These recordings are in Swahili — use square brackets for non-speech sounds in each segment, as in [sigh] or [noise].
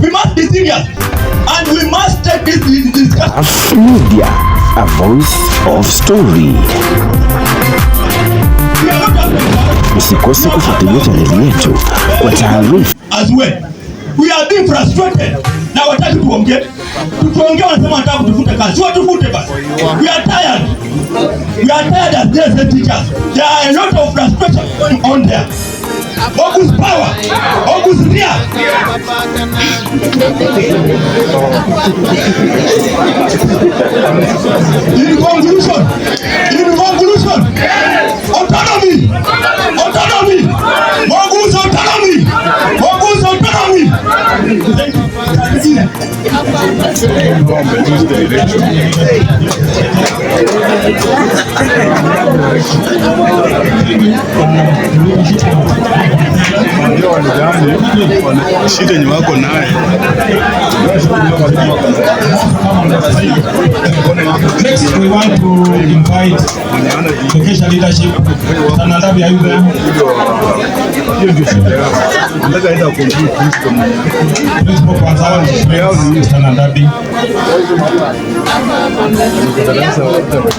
We must be serious and we must take this discussion. Media, a voice of story. Usikose kufuatilia chaneli yetu kwa taarifa. As well. We are being frustrated. Na wataki tuongee. Tukiongea wanasema wanataka kazi. Sio tufute basi. We are tired. We are tired as teachers. There are a lot of frustration going on there. August power. August ria. In conclusion, in conclusion, autonomy, autonomy, August autonomy, August autonomy. Thank you shida yenye wako naye leadership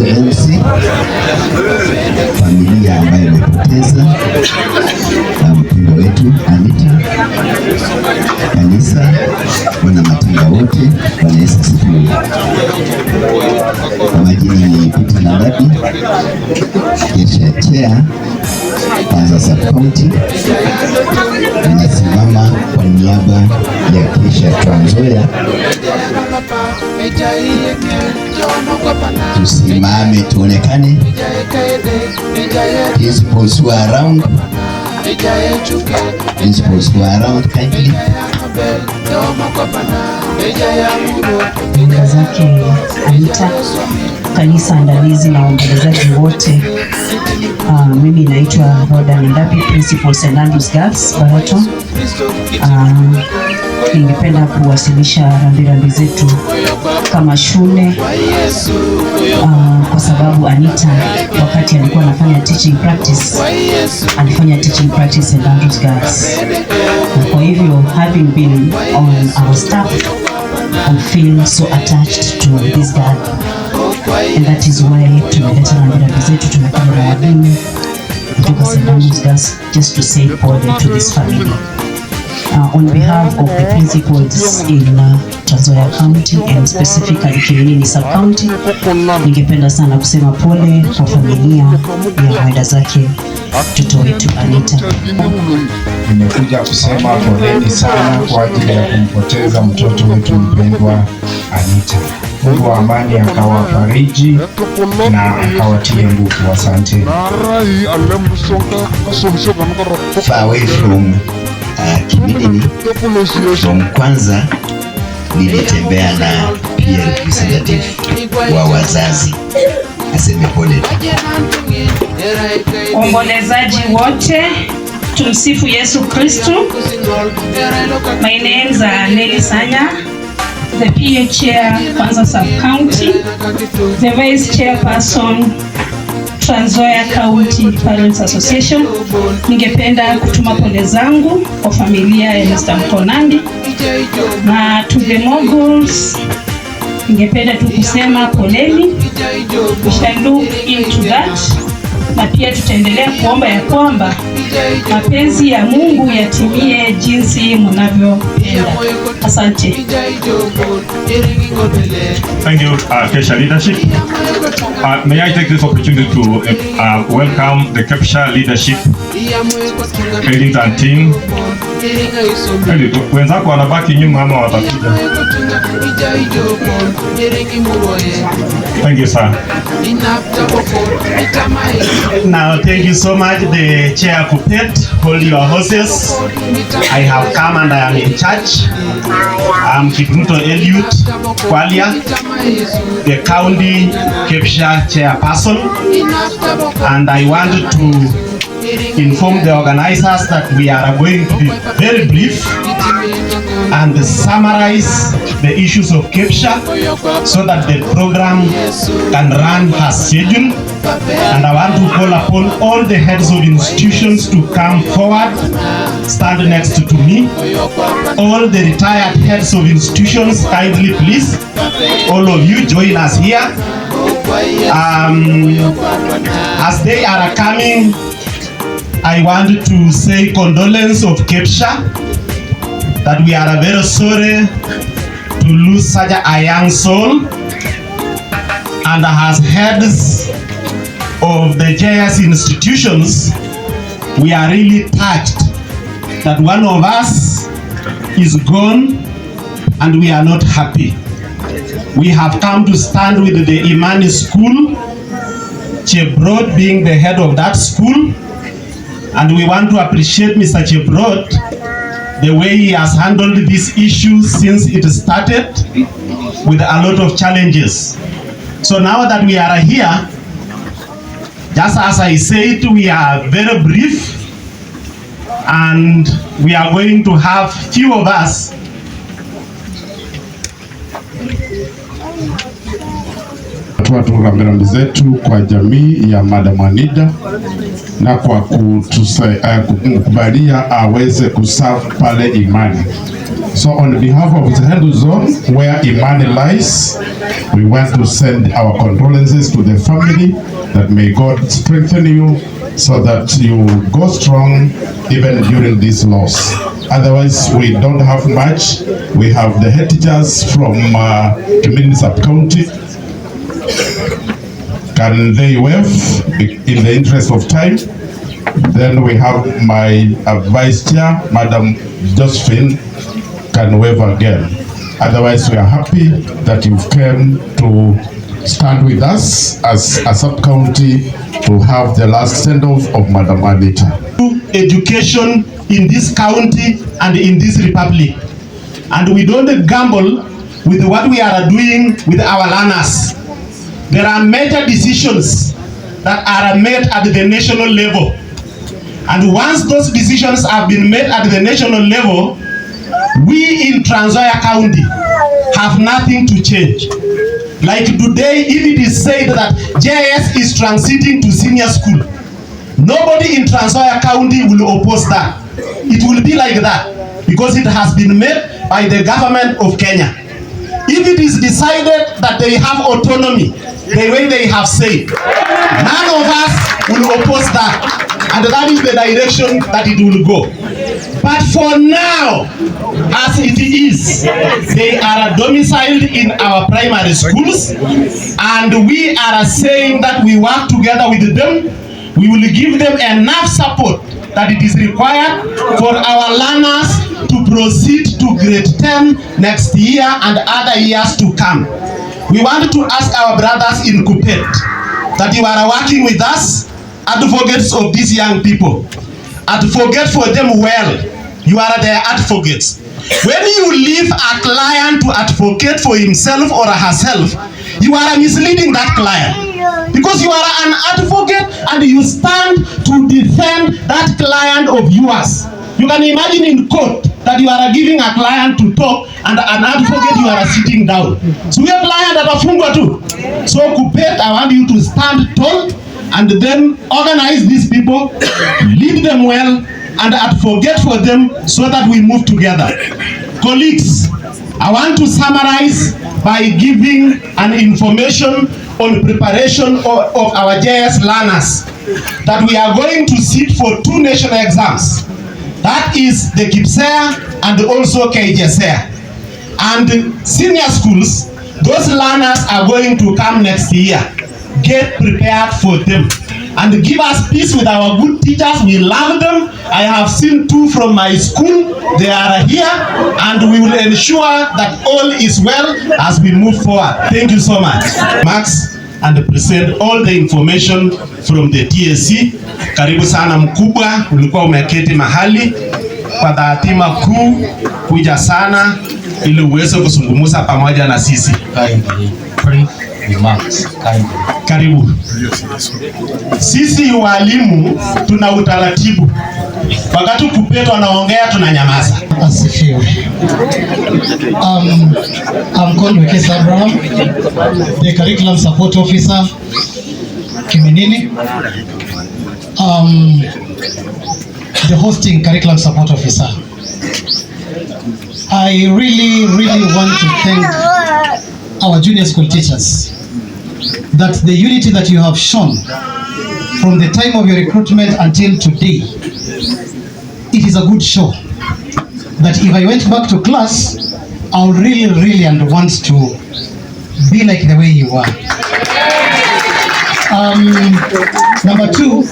Weusi, familia ambayo imepoteza mpindo wetu Anita, kanisa, wana matanga wote, Bwana Yesu Kwa majina ni Peter Nabadi Kesha Chea Kansas County atasimama kwa niaba ya kisha Trans Tusimame tuonekane, principals who are around, who are around kindly kanisa andalizi na waombolezaji wote. Uh, mimi naitwa Roda Ndapi, Principal St. Andrews Girls Barato. Uh, ah, ningependa kuwasilisha rambirambi zetu kama shule uh, kwa sababu Anita wakati alikuwa anafanya teaching practice alifanya teaching practice St. Andrews Girls, na kwa hivyo having been on our staff I feel so attached to this girl. That is tunaleta na miradi zetu tunapanga wageni kutoka sehemu just to say pole to this family. Uh, on behalf of the principals in uh, Trans Nzoia County and specifically Kilindini sub county, ningependa sana kusema pole kwa familia ya waenda zake mtoto wetu Anita. Nimekuja kusema poleni sana kwa ajili ya kumpoteza mtoto wetu mpendwa. Anita. Mungu wa amani akawafariji na akawatie nguvu. Asante. Far away from uh, Kimidini from kwanza nilitembea na pia representative wa wazazi aseme pole. Ombolezaji wote tumsifu Yesu Kristo. My nelisanya uh, Nelly Sanya the PA chair Kwanza sub county, the vice chairperson Trans Nzoia County Parents Association. Ningependa kutuma pole zangu kwa familia ya Mr. Mkonandi na to the moguls ningependa tu kusema poleni. We shall look into that na pia tutaendelea kuomba ya kwamba mapenzi ya Mungu yatimie jinsi mnavyopenda. Asante. Thank you, uh, Kesha leadership. Uh, may I take this opportunity to uh, welcome the Kesha leadership, Kesha and team. Wenzako wanabaki nyuma ama watakuja? Thank you sir. Now thank you so much the chair Kupet. Hold your horses. I have come and I am in charge. I'm Kipruto Eliud Kwalia, the county Kepsha chairperson and I want to inform the organizers that we are going to be very brief and summarize the issues of capture so that the program can run as scheduled. And I want to call upon all the heads of institutions to come forward, stand next to me. All the retired heads of institutions, kindly please, all of you join us here. Um, as they are coming I want to say condolence of Kepsha that we are very sorry to lose such a young soul and as heads of the JS institutions, we are really touched that one of us is gone and we are not happy. We have come to stand with the Imani school, Chebrod being the head of that school, And we want to appreciate Mr. Cheprot, the way he has handled this issue since it started with a lot of challenges. So now that we are here, just as I said, we are very brief and we are going to have few of us kutoa programu zetu kwa jamii ya Madam Anida na kwa kukubalia eh, aweze kuserve pale Imani. So on behalf of Zehedu Zone where Imani lies, we want to send our condolences to the family that may God strengthen you so that you go strong even during this loss. Otherwise, we don't have much. We have the head teachers from uh, Kimini sub-county can they waive in the interest of time? Then we have my uh, vice chair, Madam Josephine, can waive again. Otherwise, we are happy that you came to stand with us as a sub-county to have the last send-off of Madam Anita. Education in this county and in this republic. And we don't gamble with what we are doing with our learners. There are major decisions that are made at the national level. And once those decisions have been made at the national level, we in Trans Nzoia County have nothing to change. Like today, if it is said that JS is transiting to senior school, nobody in Trans Nzoia County will oppose that. It will be like that because it has been made by the government of Kenya. If it is decided that they have autonomy, the way they have said, none of us will oppose that. And that is the direction that it will go. But for now, as it is, they are domiciled in our primary schools, and we are saying that we work together with them. We will give them enough support that it is required for our learners to proceed to grade 10 next year and other years to come. We want to ask our brothers in Kupet that you are working with us, advocates of these young people. Advocate for them well. You are their advocates. When you leave a client to advocate for himself or herself, you are misleading that client. Because you are an advocate and you stand to defend that client of yours. You can imagine in court that you are giving a client to talk and an advocate you are sitting down. So we have client atafungwa too. So Kupet, I want you to stand tall and then organize these people, [coughs] lead them well, and advocate for them so that we move together. Colleagues, I want to summarize by giving an information on preparation of, of our JS learners that we are going to sit for two national exams. That is the Gipsea and also KJSEA. And senior schools, those learners are going to come next year. Get prepared for them and give us peace with our good teachers. We love them. I have seen two from my school. They are here, and we will ensure that all is well as we move forward. Thank you so much. Max and present all the information from the TSC. Karibu sana mkubwa, ulikuwa umeketi mahali kwa dhatima kuu, kuja sana ili uweze kuzungumza pamoja na sisi. Karibu. Sisi walimu tuna utaratibu, wakati Kupeto anaongea tunanyamaza. Asifiwe. Um, I'm called Wekesa Abraham, the curriculum support officer Kiminini. Um, the hosting curriculum support officer. I really, really want to thank our junior school teachers that the unity that you have shown from the time of your recruitment until today, it is a good show. That if I went back to class, I would really, really and want to be like the way you are Um, number two,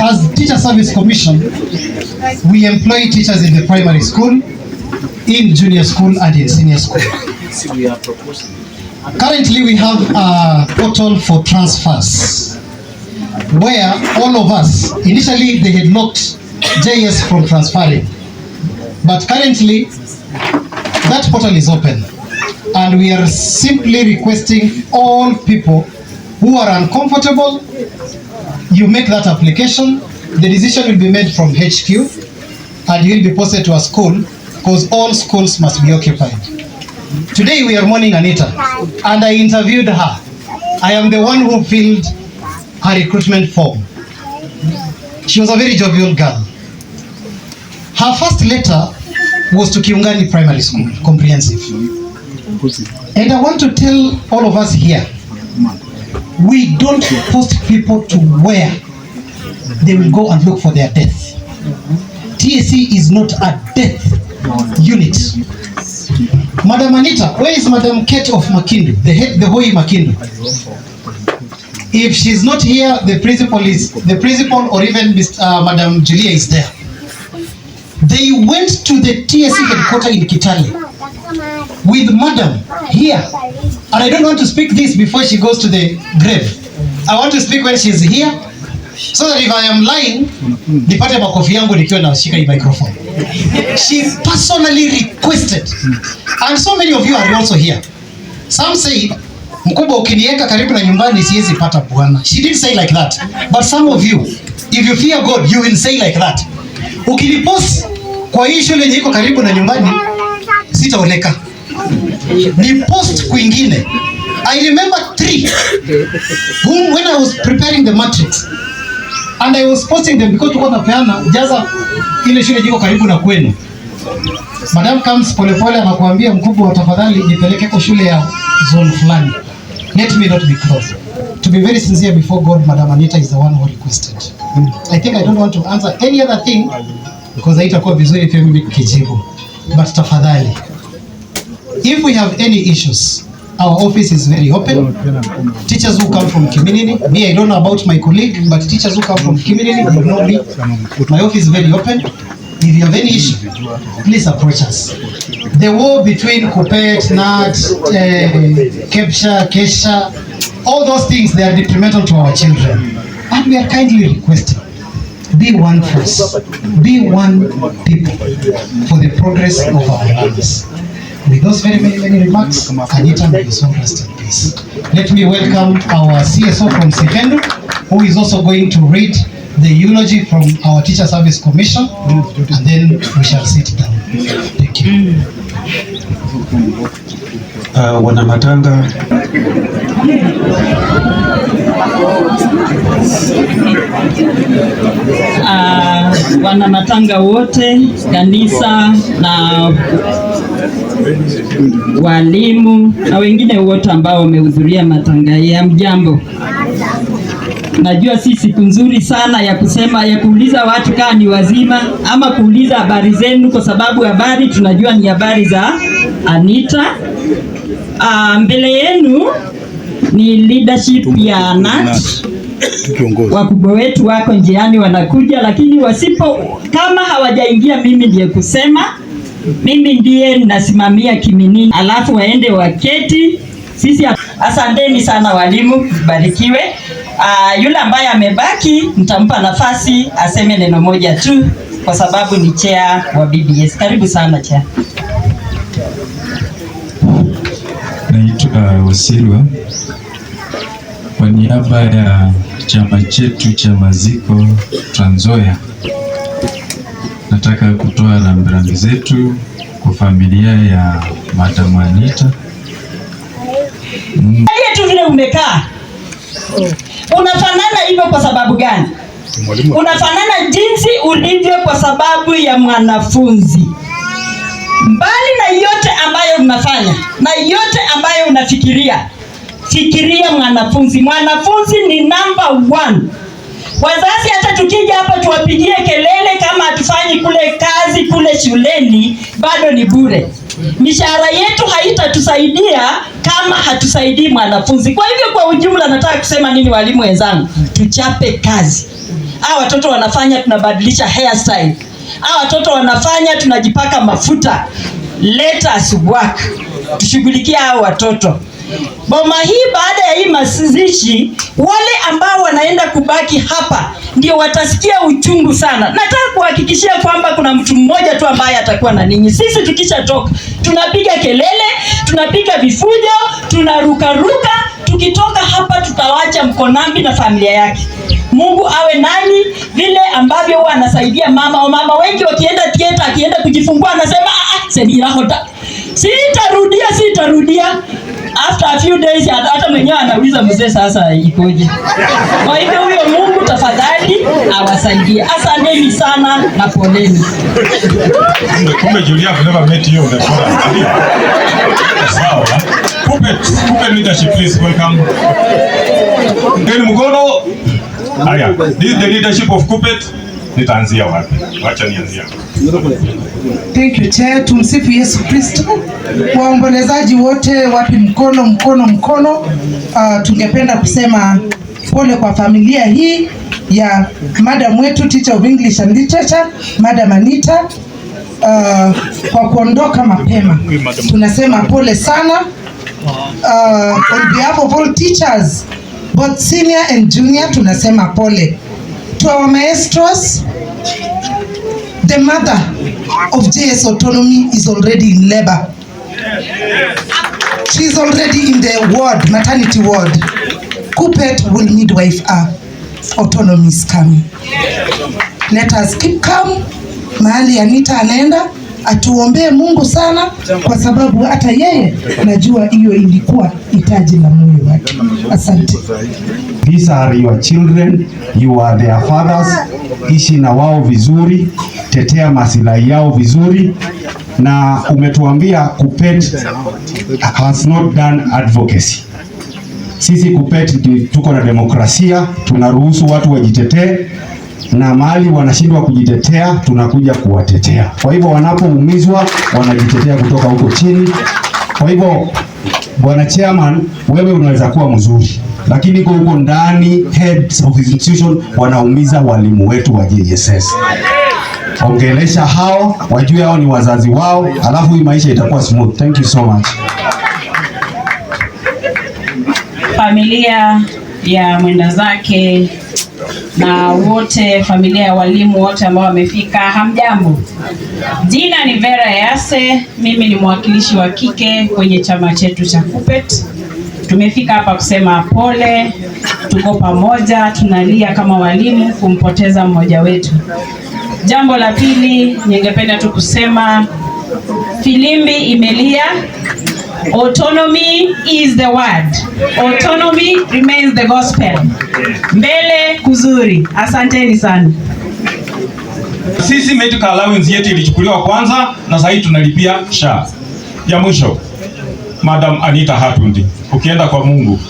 as Teacher Service Commission, we employ teachers in the primary school, in junior school and in senior school. Currently, we have a portal for transfers where all of us, initially they had locked JS from transferring, but currently that portal is open and we are simply requesting all people who are uncomfortable, you make that application, the decision will be made from HQ and you will be posted to a school because all schools must be occupied. Today we are mourning Anita and I interviewed her. I am the one who filled her recruitment form. She was a very jovial girl. Her first letter was to Kiungani Primary School, comprehensive. And I want to tell all of us here, we don't post people to where they will go and look for their death. TSC is not a death unit. Madam Anita, where is Madam Kate of Makindu, the head, the Hoi Makindu? If she's not here, the principal is, the principal or even Mr. uh, Madam Julia is there. They went to the TSC headquarters in Kitale with Madam here. And I don't want to speak this before she goes to the grave. I want to speak when she's here so that if I am lying, nipate makofi yangu nikiwa nashika hii microphone. She personally requested. And so many of you are also here. Some say, mkubwa ukinieka karibu na nyumbani siwezi pata bwana. She did say like that. But some of you, if you fear God, you will say like that. Ukinipost kwa hii shule yenye iko karibu na nyumbani sitaoneka. Ni post kwingine. I remember three. when I was preparing the matrix, and I was posting them because tuko napeana jaza ile shule jiko karibu na kwenu. Madam comes polepole anakuambia mkubwa wa tafadhali nipeleke kwa shule ya zone fulani. Let me not be close. To be very sincere before God, Madam Anita is the one who requested. I think I don't want to answer any other thing because haitakuwa vizuri pia mimi kijibu. But tafadhali if we have any issues Our office is very open. Teachers who come from Kiminini, me, I don't know about my colleague, but teachers who come from community, you know me. My office is very open. If you have any issue, please approach us. The war between Kupet, Nat, uh, eh, Kepsha, Kesha, all those things, they are detrimental to our children. And we are kindly requesting, be one force, be one people for the progress of our lives. With those very many, many remarks, Kajita, may his soul rest in peace. Let me welcome our CSO from Sekendu, who is also going to read the eulogy from our Teacher Service Commission, and then we shall sit down. Thank you. Uh, Wanamatanga Uh, matanga wote kanisa na walimu na wengine wote ambao wamehudhuria matanga ya mjambo. Najua si siku nzuri sana ya kusema ya kuuliza watu kama ni wazima ama kuuliza habari zenu, kwa sababu habari tunajua ni habari za Anita. Uh, mbele yenu ni leadership ya NAT. Wakubwa wetu wako njiani wanakuja, lakini wasipo kama hawajaingia, mimi ndiye kusema, mimi ndiye nasimamia kiminini, alafu waende waketi sisi. Asanteni sana walimu, barikiwe Uh, yule ambaye amebaki nitampa nafasi aseme neno moja tu kwa sababu ni chair wa BBS. Karibu sana chair. Naitwa uh, Wasilwa, kwa niaba ya chama chetu cha Maziko tanzoya nataka kutoa rambirambi zetu kwa familia ya Madam Anita. Mm. tu vile umekaa unafanana hivyo kwa sababu gani? Unafanana jinsi ulivyo kwa sababu ya mwanafunzi Mbali na yote ambayo unafanya na yote ambayo unafikiria, fikiria mwanafunzi. Mwanafunzi ni namba one. Wazazi hata tukija hapa tuwapigie kelele kama hatufanyi kule kazi kule shuleni, bado ni bure. Mishahara yetu haitatusaidia kama hatusaidii mwanafunzi. Kwa hivyo, kwa ujumla, nataka kusema nini, walimu wenzangu? Tuchape kazi. Hawa watoto wanafanya, tunabadilisha hairstyle hawa watoto wanafanya, tunajipaka mafuta. Let us work, tushughulikia hawa watoto. Boma hii baada ya hii mazishi, wale ambao wanaenda kubaki hapa ndio watasikia uchungu sana. Nataka kuhakikishia kwamba kuna mtu mmoja tu ambaye atakuwa na ninyi. Sisi tukishatoka tunapiga kelele, tunapiga vifujo, tunarukaruka. Tukitoka hapa tutawacha Mkonambi na familia yake. Mungu awe nani, vile ambavyo huwa anasaidia mama. mama wengi wakienda tieta, akienda kujifungua anasema ah, ah, sebirahota, sitarudia, sitarudia. After a few days hata mwenyewe anauliza mzee, sasa ikoje? Kwa hivyo huyo Mungu tafadhali awasaidie. Asanteni sana na poleni. Kumbe Julia never met you the Sawa. Kumbe kumbe leadership please welcome. Mgeni Mugono Haya, this is the leadership of Kupet. Nitaanzia wapi? Wacha nianzie. Thank you chair. Tumsifu Yesu Kristo. Waombolezaji wote, wapi mkono, mkono, mkono. Uh, tungependa kusema pole kwa familia hii ya madam wetu teacher of English and Literature, Madam Anita uh, kwa kuondoka mapema. Tunasema pole sana. Uh, on behalf of all teachers both senior and junior tunasema pole to our maestros. The mother of JS autonomy is already in labor. She is already in the ward, maternity ward. Kupet will midwife her. Autonomy is coming. Let us keep calm. Mahali Anita anaenda atuombee Mungu sana, kwa sababu hata yeye najua hiyo ilikuwa hitaji la moyo wake. Asante. These are your children, you are their fathers. Ishi na wao vizuri, tetea masilahi yao vizuri, na umetuambia Kupet has not done advocacy. Sisi Kupet tuko na demokrasia, tunaruhusu watu wajitetee na mahali wanashindwa kujitetea, tunakuja kuwatetea. Kwa hivyo wanapoumizwa wanajitetea kutoka huko chini. Kwa hivyo Bwana Chairman, wewe unaweza kuwa mzuri, lakini kwa huko ndani heads of institution wanaumiza walimu wetu wa JSS. Ongelesha hao, wajue hao ni wazazi wao, alafu hii maisha itakuwa smooth. Thank you so much. Familia ya mwenda zake na wote familia ya walimu wote ambao wamefika, hamjambo. Jina ni Vera Yase, mimi ni mwakilishi wa kike kwenye chama chetu cha KUPPET. Tumefika hapa kusema pole, tuko pamoja, tunalia kama walimu kumpoteza mmoja wetu. Jambo la pili, ningependa tu kusema filimbi imelia Autonomy is the word. Autonomy remains the gospel. Mbele kuzuri. Asanteni sana. Sisi medical allowance yetu ilichukuliwa kwanza na sasa hivi tunalipia SHA. Ya mwisho. Madam Anita Hatundi. Ukienda kwa Mungu,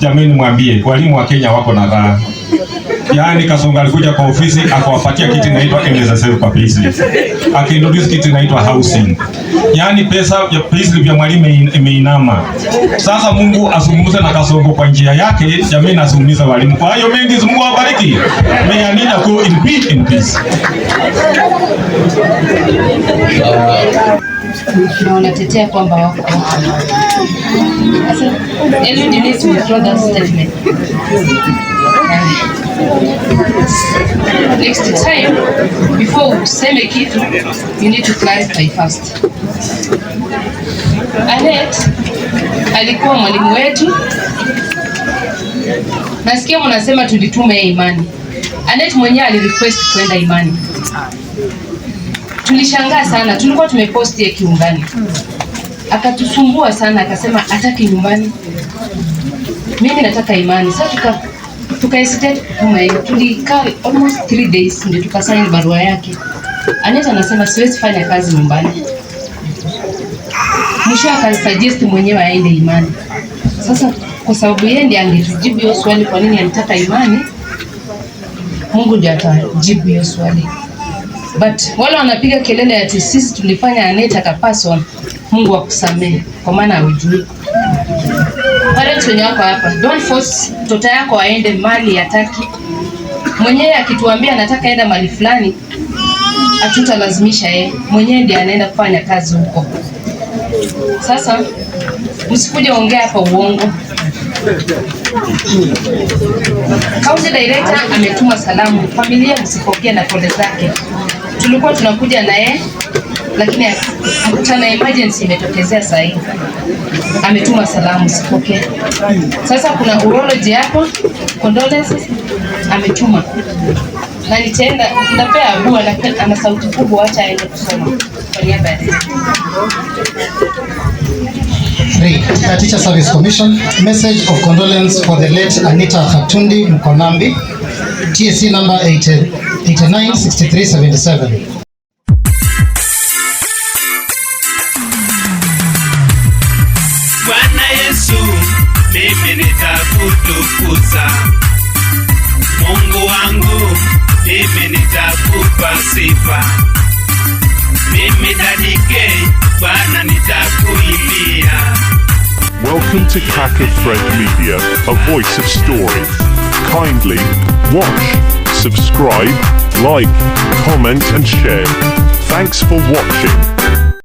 jamani mwambie walimu wa Kenya wako na raha. Yaani Kasonga alikuja kwa ofisi akawapatia kitu inaitwa Endeza kwa Akaintroduce kitu inaitwa housing. Yaani pesa ya pesa ya mwalimu imeinama. Sasa Mungu azungumze na Kasongo kwa njia yake, jamii nazungumza walimu. Kwa hiyo mengi Mungu awabariki. May I need go in peace in peace. Na wanatetea kwamba wako Eliud needs to withdraw that statement. Next time, before useme kitu, you need to clarify first. Annette alikuwa mwalimu wetu. Nasikia mnasema tulitume imani. Annette mwenyewe alirequest kwenda imani. Tulishangaa sana, tulikuwa tumeposti ya kiungani, akatusumbua sana, akasema ataki nyumbani, mimi nataka imani. Sasa tuka tukaesitate tulikaa almost three days ndio tukasaini barua yake. Aneta anasema siwezi fanya kazi nyumbani, mwisho akasuggest mwenyewe aende Imani. Sasa kwa sababu yeye ndiye angetujibu hiyo swali, kwa nini alitaka Imani, Mungu ndiye atajibu hiyo swali. But wale wanapiga kelele ati sisi tulifanya Aneta kapaswa, Mungu akusamehe, kwa maana hujui parents wenye wako hapa, don't force mtoto yako aende mali yataki. Mwenyewe akituambia anataka enda mali fulani, hatutalazimisha yeye, mwenyewe ndiye anaenda kufanya kazi huko. Sasa msikuje ongea hapa uongo. County director ametuma salamu familia, msipokee na pole zake. Tulikuwa tunakuja naye lakini akutana emergency imetokezea saa hii, ametuma salamu sipoke. Sasa kuna urology hapo, condolences ametuma na nitaenda napea Abu ana sauti kubwa, acha aende kusoma kwa niaba ya Three. Teacher Service Commission message of condolence for the late Anita Khatundi Mkonambi TSC number 89-6377. mimi nitakutukuza Mungu wangu, mimi nitakupa sifa. Mimi dadike, Bwana nitakuimbia. Welcome to Kaka Fred Media, a voice of story. Kindly watch, subscribe, like, comment and share. Thanks for watching.